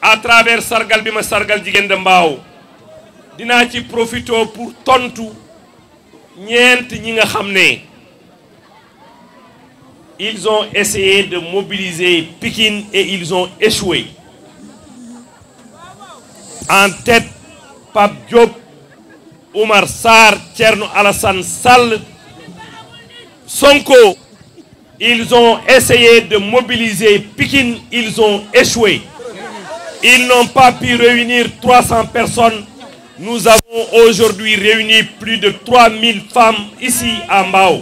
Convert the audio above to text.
à travers sargal Bima sargal jigéen de dina ci profité pour tontu ñent ñi nga ils ont essayé de mobiliser Pikine et ils ont échoué en tête Pape Diop Omar Sar Tcherno Alassane Sall Sonko, ils ont essayé de mobiliser Pékin, ils ont échoué. Ils n'ont pas pu réunir 300 personnes. Nous avons aujourd'hui réuni plus de 3000 femmes ici à Mao.